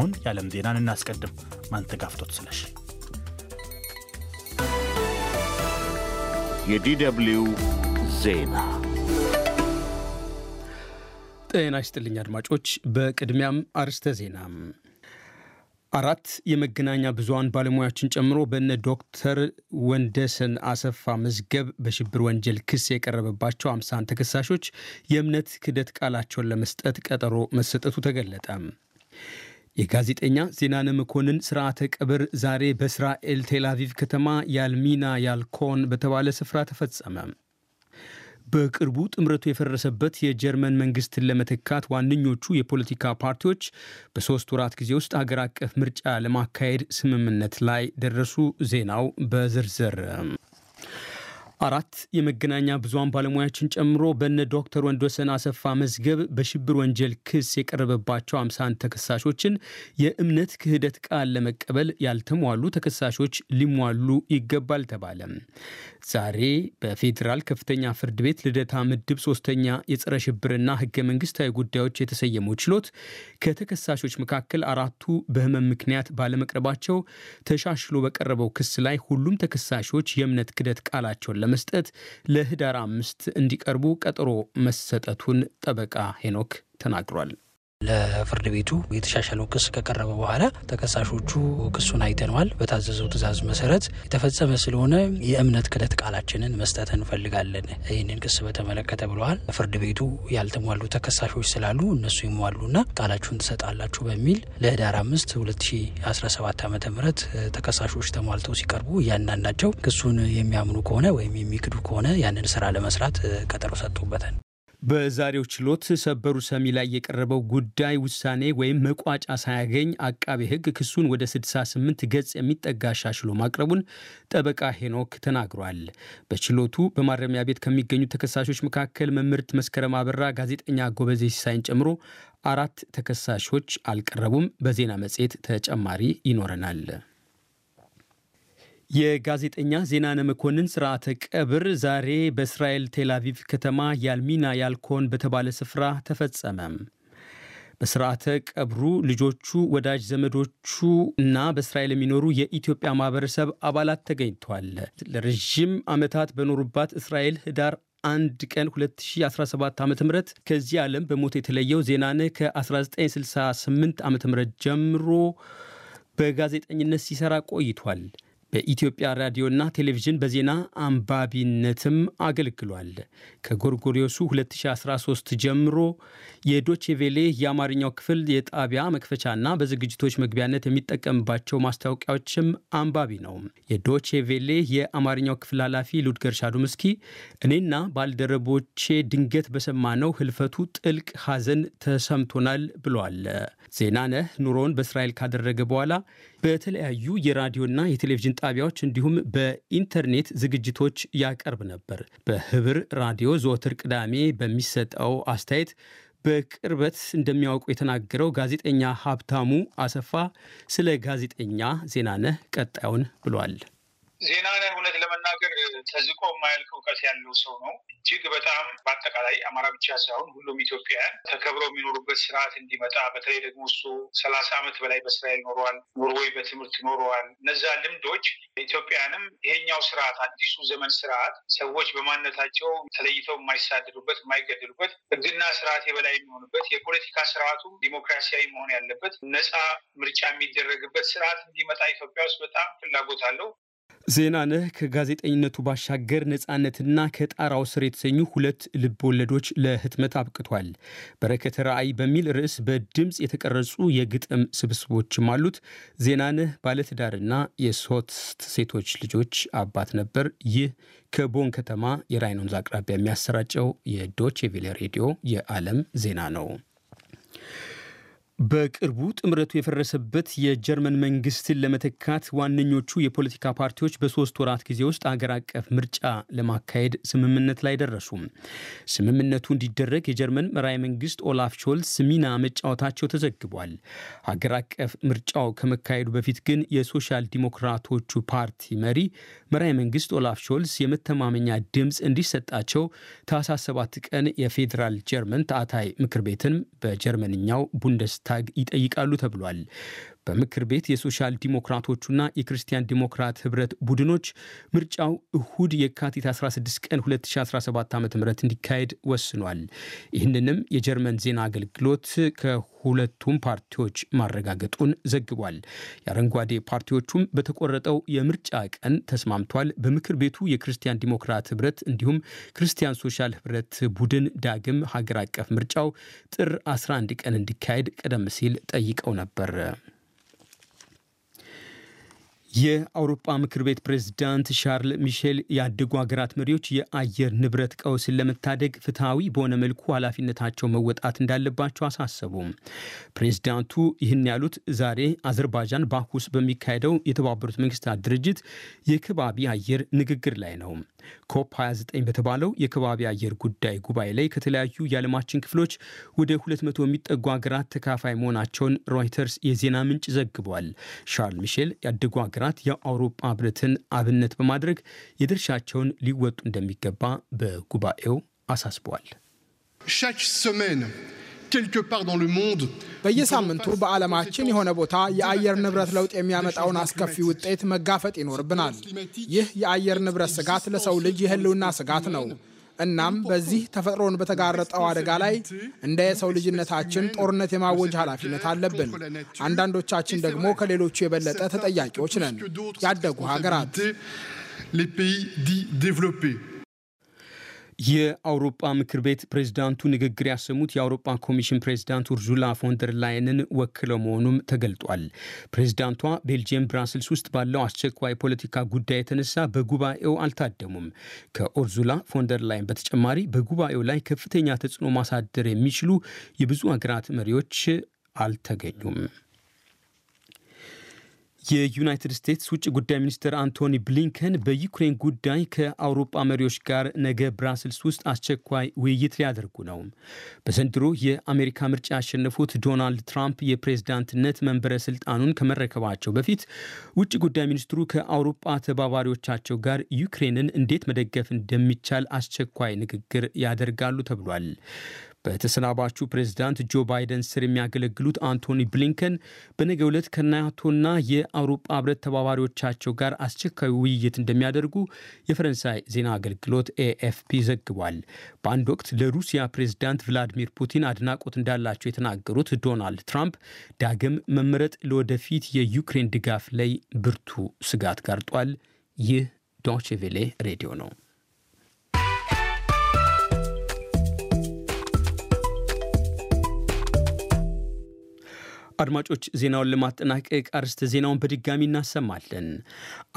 አሁን የዓለም ዜናን እናስቀድም። ማንተጋፍቶት ስለሽ የዲደብሊው ዜና ጤና ይስጥልኝ አድማጮች። በቅድሚያም አርስተ ዜና አራት የመገናኛ ብዙሀን ባለሙያዎችን ጨምሮ በነ ዶክተር ወንደሰን አሰፋ መዝገብ በሽብር ወንጀል ክስ የቀረበባቸው አምሳን ተከሳሾች የእምነት ክደት ቃላቸውን ለመስጠት ቀጠሮ መሰጠቱ ተገለጠ። የጋዜጠኛ ዜናነ መኮንን ስርዓተ ቀብር ዛሬ በእስራኤል ቴላቪቭ ከተማ ያልሚና ያልኮን በተባለ ስፍራ ተፈጸመ። በቅርቡ ጥምረቱ የፈረሰበት የጀርመን መንግስትን ለመተካት ዋነኞቹ የፖለቲካ ፓርቲዎች በሶስት ወራት ጊዜ ውስጥ ሀገር አቀፍ ምርጫ ለማካሄድ ስምምነት ላይ ደረሱ። ዜናው በዝርዝር አራት የመገናኛ ብዙሃን ባለሙያዎችን ጨምሮ በነ ዶክተር ወንዶሰን አሰፋ መዝገብ በሽብር ወንጀል ክስ የቀረበባቸው 51 ተከሳሾችን የእምነት ክህደት ቃል ለመቀበል ያልተሟሉ ተከሳሾች ሊሟሉ ይገባል ተባለ። ዛሬ በፌዴራል ከፍተኛ ፍርድ ቤት ልደታ ምድብ ሶስተኛ የጸረ ሽብርና ህገ መንግስታዊ ጉዳዮች የተሰየመው ችሎት ከተከሳሾች መካከል አራቱ በህመም ምክንያት ባለመቅረባቸው ተሻሽሎ በቀረበው ክስ ላይ ሁሉም ተከሳሾች የእምነት ክህደት ቃላቸውን ለመስጠት ለህዳር አምስት እንዲቀርቡ ቀጠሮ መሰጠቱን ጠበቃ ሄኖክ ተናግሯል። ለፍርድ ቤቱ የተሻሻለው ክስ ከቀረበ በኋላ ተከሳሾቹ ክሱን አይተነዋል፣ በታዘዘው ትዕዛዝ መሰረት የተፈጸመ ስለሆነ የእምነት ክለት ቃላችንን መስጠት እንፈልጋለን፣ ይህንን ክስ በተመለከተ ብለዋል። ፍርድ ቤቱ ያልተሟሉ ተከሳሾች ስላሉ እነሱ ይሟሉና ቃላችሁን ትሰጣላችሁ በሚል ለህዳር አምስት 2017 ዓ ም ተከሳሾች ተሟልተው ሲቀርቡ እያንዳንዳቸው ክሱን የሚያምኑ ከሆነ ወይም የሚክዱ ከሆነ ያንን ስራ ለመስራት ቀጠሮ ሰጡበታል። በዛሬው ችሎት ሰበሩ ሰሚ ላይ የቀረበው ጉዳይ ውሳኔ ወይም መቋጫ ሳያገኝ አቃቤ ሕግ ክሱን ወደ 68 ገጽ የሚጠጋ አሻሽሎ ማቅረቡን ጠበቃ ሄኖክ ተናግሯል። በችሎቱ በማረሚያ ቤት ከሚገኙ ተከሳሾች መካከል መምህርት መስከረም አበራ፣ ጋዜጠኛ ጎበዜ ሲሳይን ጨምሮ አራት ተከሳሾች አልቀረቡም። በዜና መጽሔት ተጨማሪ ይኖረናል። የጋዜጠኛ ዜናነ መኮንን ስርዓተ ቀብር ዛሬ በእስራኤል ቴላቪቭ ከተማ ያልሚና ያልኮን በተባለ ስፍራ ተፈጸመ። በስርዓተ ቀብሩ ልጆቹ፣ ወዳጅ ዘመዶቹ እና በእስራኤል የሚኖሩ የኢትዮጵያ ማህበረሰብ አባላት ተገኝቷል። ለረዥም ዓመታት በኖሩባት እስራኤል ህዳር አንድ ቀን 2017 ዓ ም ከዚህ ዓለም በሞት የተለየው ዜናነ ከ1968 ዓ ም ጀምሮ በጋዜጠኝነት ሲሰራ ቆይቷል። በኢትዮጵያ ራዲዮና ቴሌቪዥን በዜና አንባቢነትም አገልግሏል። ከጎርጎሪዮሱ 2013 ጀምሮ የዶቼቬሌ የአማርኛው ክፍል የጣቢያ መክፈቻና በዝግጅቶች መግቢያነት የሚጠቀምባቸው ማስታወቂያዎችም አንባቢ ነው። የዶቼቬሌ የአማርኛው ክፍል ኃላፊ ሉድገር ሻዱምስኪ እኔና ባልደረቦቼ ድንገት በሰማነው ህልፈቱ ጥልቅ ሐዘን ተሰምቶናል ብሏል። ዜናነህ ኑሮውን በእስራኤል ካደረገ በኋላ በተለያዩ የራዲዮና የቴሌቪዥን ጣቢያዎች እንዲሁም በኢንተርኔት ዝግጅቶች ያቀርብ ነበር። በህብር ራዲዮ ዘወትር ቅዳሜ በሚሰጠው አስተያየት በቅርበት እንደሚያውቁ የተናገረው ጋዜጠኛ ሀብታሙ አሰፋ ስለ ጋዜጠኛ ዜናነህ ቀጣዩን ብሏል። ዜናነ እውነት ለመናገር ተዝቆ የማያልቅ እውቀት ያለው ሰው ነው። እጅግ በጣም በአጠቃላይ አማራ ብቻ ሳይሆን ሁሉም ኢትዮጵያውያን ተከብረው የሚኖሩበት ስርዓት እንዲመጣ በተለይ ደግሞ እሱ ሰላሳ ዓመት በላይ በእስራኤል ኖረዋል፣ ኖርዌይ በትምህርት ኖረዋል። እነዛ ልምዶች ኢትዮጵያንም ይሄኛው ስርዓት አዲሱ ዘመን ስርዓት ሰዎች በማንነታቸው ተለይተው የማይሳደዱበት፣ የማይገደሉበት፣ ህግና ስርዓት የበላይ የሚሆንበት የፖለቲካ ስርዓቱ ዲሞክራሲያዊ መሆን ያለበት ነፃ ምርጫ የሚደረግበት ስርዓት እንዲመጣ ኢትዮጵያ ውስጥ በጣም ፍላጎት አለው። ዜና ነህ ከጋዜጠኝነቱ ባሻገር ነፃነትና ከጣራው ስር የተሰኙ ሁለት ልብ ወለዶች ለህትመት አብቅቷል። በረከተ ራእይ በሚል ርዕስ በድምፅ የተቀረጹ የግጥም ስብስቦችም አሉት። ዜና ነህ ባለትዳርና የሶስት ሴቶች ልጆች አባት ነበር። ይህ ከቦን ከተማ የራይን ወንዝ አቅራቢያ የሚያሰራጨው የዶቼ ቬለ ሬዲዮ የዓለም ዜና ነው። በቅርቡ ጥምረቱ የፈረሰበት የጀርመን መንግስትን ለመተካት ዋነኞቹ የፖለቲካ ፓርቲዎች በሶስት ወራት ጊዜ ውስጥ አገር አቀፍ ምርጫ ለማካሄድ ስምምነት ላይ ደረሱ። ስምምነቱ እንዲደረግ የጀርመን መራሄ መንግስት ኦላፍ ሾልስ ሚና መጫወታቸው ተዘግቧል። አገር አቀፍ ምርጫው ከመካሄዱ በፊት ግን የሶሻል ዲሞክራቶቹ ፓርቲ መሪ መራሄ መንግስት ኦላፍ ሾልስ የመተማመኛ ድምፅ እንዲሰጣቸው ታህሳስ 7 ቀን የፌዴራል ጀርመን ታዕታይ ምክር ቤትን በጀርመንኛው ቡንደስ ይጠይቃሉ ተብሏል። በምክር ቤት የሶሻል ዲሞክራቶቹና የክርስቲያን ዲሞክራት ህብረት ቡድኖች ምርጫው እሁድ የካቲት 16 ቀን 2017 ዓ ም እንዲካሄድ ወስኗል። ይህንንም የጀርመን ዜና አገልግሎት ከሁለቱም ፓርቲዎች ማረጋገጡን ዘግቧል። የአረንጓዴ ፓርቲዎቹም በተቆረጠው የምርጫ ቀን ተስማምቷል። በምክር ቤቱ የክርስቲያን ዲሞክራት ህብረት እንዲሁም ክርስቲያን ሶሻል ህብረት ቡድን ዳግም ሀገር አቀፍ ምርጫው ጥር 11 ቀን እንዲካሄድ ቀደም ሲል ጠይቀው ነበር። የአውሮፓ ምክር ቤት ፕሬዝዳንት ሻርል ሚሼል ያደጉ ሀገራት መሪዎች የአየር ንብረት ቀውስን ለመታደግ ፍትሐዊ በሆነ መልኩ ኃላፊነታቸው መወጣት እንዳለባቸው አሳሰቡ። ፕሬዝዳንቱ ይህን ያሉት ዛሬ አዘርባጃን ባኩ ውስጥ በሚካሄደው የተባበሩት መንግስታት ድርጅት የከባቢ አየር ንግግር ላይ ነው። ኮፕ 29 በተባለው የከባቢ አየር ጉዳይ ጉባኤ ላይ ከተለያዩ የዓለማችን ክፍሎች ወደ 200 የሚጠጉ ሀገራት ተካፋይ መሆናቸውን ሮይተርስ የዜና ምንጭ ዘግቧል። ሻርል ሚሼል ያደጉ ሀገራት የአውሮፓ ህብረትን አብነት በማድረግ የድርሻቸውን ሊወጡ እንደሚገባ በጉባኤው አሳስበዋል። በየሳምንቱ በዓለማችን የሆነ ቦታ የአየር ንብረት ለውጥ የሚያመጣውን አስከፊ ውጤት መጋፈጥ ይኖርብናል። ይህ የአየር ንብረት ስጋት ለሰው ልጅ የህልውና ስጋት ነው። እናም በዚህ ተፈጥሮን በተጋረጠው አደጋ ላይ እንደ የሰው ልጅነታችን ጦርነት የማወጅ ኃላፊነት አለብን። አንዳንዶቻችን ደግሞ ከሌሎቹ የበለጠ ተጠያቂዎች ነን። ያደጉ ሀገራት የአውሮፓ ምክር ቤት ፕሬዝዳንቱ ንግግር ያሰሙት የአውሮፓ ኮሚሽን ፕሬዝዳንት ኡርዙላ ፎንደር ላይንን ወክለው መሆኑም ተገልጧል። ፕሬዝዳንቷ ቤልጅየም ብራስልስ ውስጥ ባለው አስቸኳይ ፖለቲካ ጉዳይ የተነሳ በጉባኤው አልታደሙም። ከኡርዙላ ፎንደር ላይን በተጨማሪ በጉባኤው ላይ ከፍተኛ ተጽዕኖ ማሳደር የሚችሉ የብዙ ሀገራት መሪዎች አልተገኙም። የዩናይትድ ስቴትስ ውጭ ጉዳይ ሚኒስትር አንቶኒ ብሊንከን በዩክሬን ጉዳይ ከአውሮፓ መሪዎች ጋር ነገ ብራስልስ ውስጥ አስቸኳይ ውይይት ሊያደርጉ ነው። በዘንድሮ የአሜሪካ ምርጫ ያሸነፉት ዶናልድ ትራምፕ የፕሬዝዳንትነት መንበረ ስልጣኑን ከመረከባቸው በፊት ውጭ ጉዳይ ሚኒስትሩ ከአውሮፓ ተባባሪዎቻቸው ጋር ዩክሬንን እንዴት መደገፍ እንደሚቻል አስቸኳይ ንግግር ያደርጋሉ ተብሏል። በተሰናባቹ ፕሬዝዳንት ጆ ባይደን ስር የሚያገለግሉት አንቶኒ ብሊንከን በነገ ዕለት ከናቶና የአውሮፓ ህብረት ተባባሪዎቻቸው ጋር አስቸኳይ ውይይት እንደሚያደርጉ የፈረንሳይ ዜና አገልግሎት ኤኤፍፒ ዘግቧል። በአንድ ወቅት ለሩሲያ ፕሬዝዳንት ቭላዲሚር ፑቲን አድናቆት እንዳላቸው የተናገሩት ዶናልድ ትራምፕ ዳግም መመረጥ ለወደፊት የዩክሬን ድጋፍ ላይ ብርቱ ስጋት ጋርጧል። ይህ ዶችቬሌ ሬዲዮ ነው። አድማጮች ዜናውን ለማጠናቀቅ አርስተ ዜናውን በድጋሚ እናሰማለን።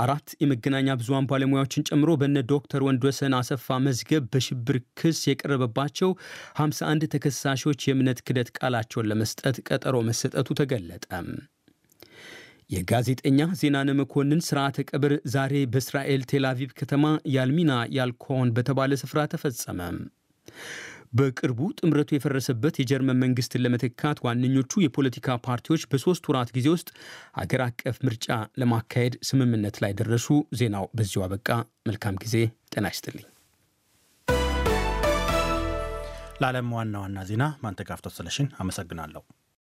አራት የመገናኛ ብዙሃን ባለሙያዎችን ጨምሮ በነ ዶክተር ወንድወሰን አሰፋ መዝገብ በሽብር ክስ የቀረበባቸው 51 ተከሳሾች የእምነት ክደት ቃላቸውን ለመስጠት ቀጠሮ መሰጠቱ ተገለጠ። የጋዜጠኛ ዜናነ መኮንን ስርዓተ ቀብር ዛሬ በእስራኤል ቴላቪቭ ከተማ ያልሚና ያልኮን በተባለ ስፍራ ተፈጸመ። በቅርቡ ጥምረቱ የፈረሰበት የጀርመን መንግስትን ለመተካት ዋነኞቹ የፖለቲካ ፓርቲዎች በሶስት ወራት ጊዜ ውስጥ አገር አቀፍ ምርጫ ለማካሄድ ስምምነት ላይ ደረሱ። ዜናው በዚሁ አበቃ። መልካም ጊዜ። ጤና ይስጥልኝ። ለዓለም ዋና ዋና ዜና ማንተጋፍቶ ስለሽን አመሰግናለሁ።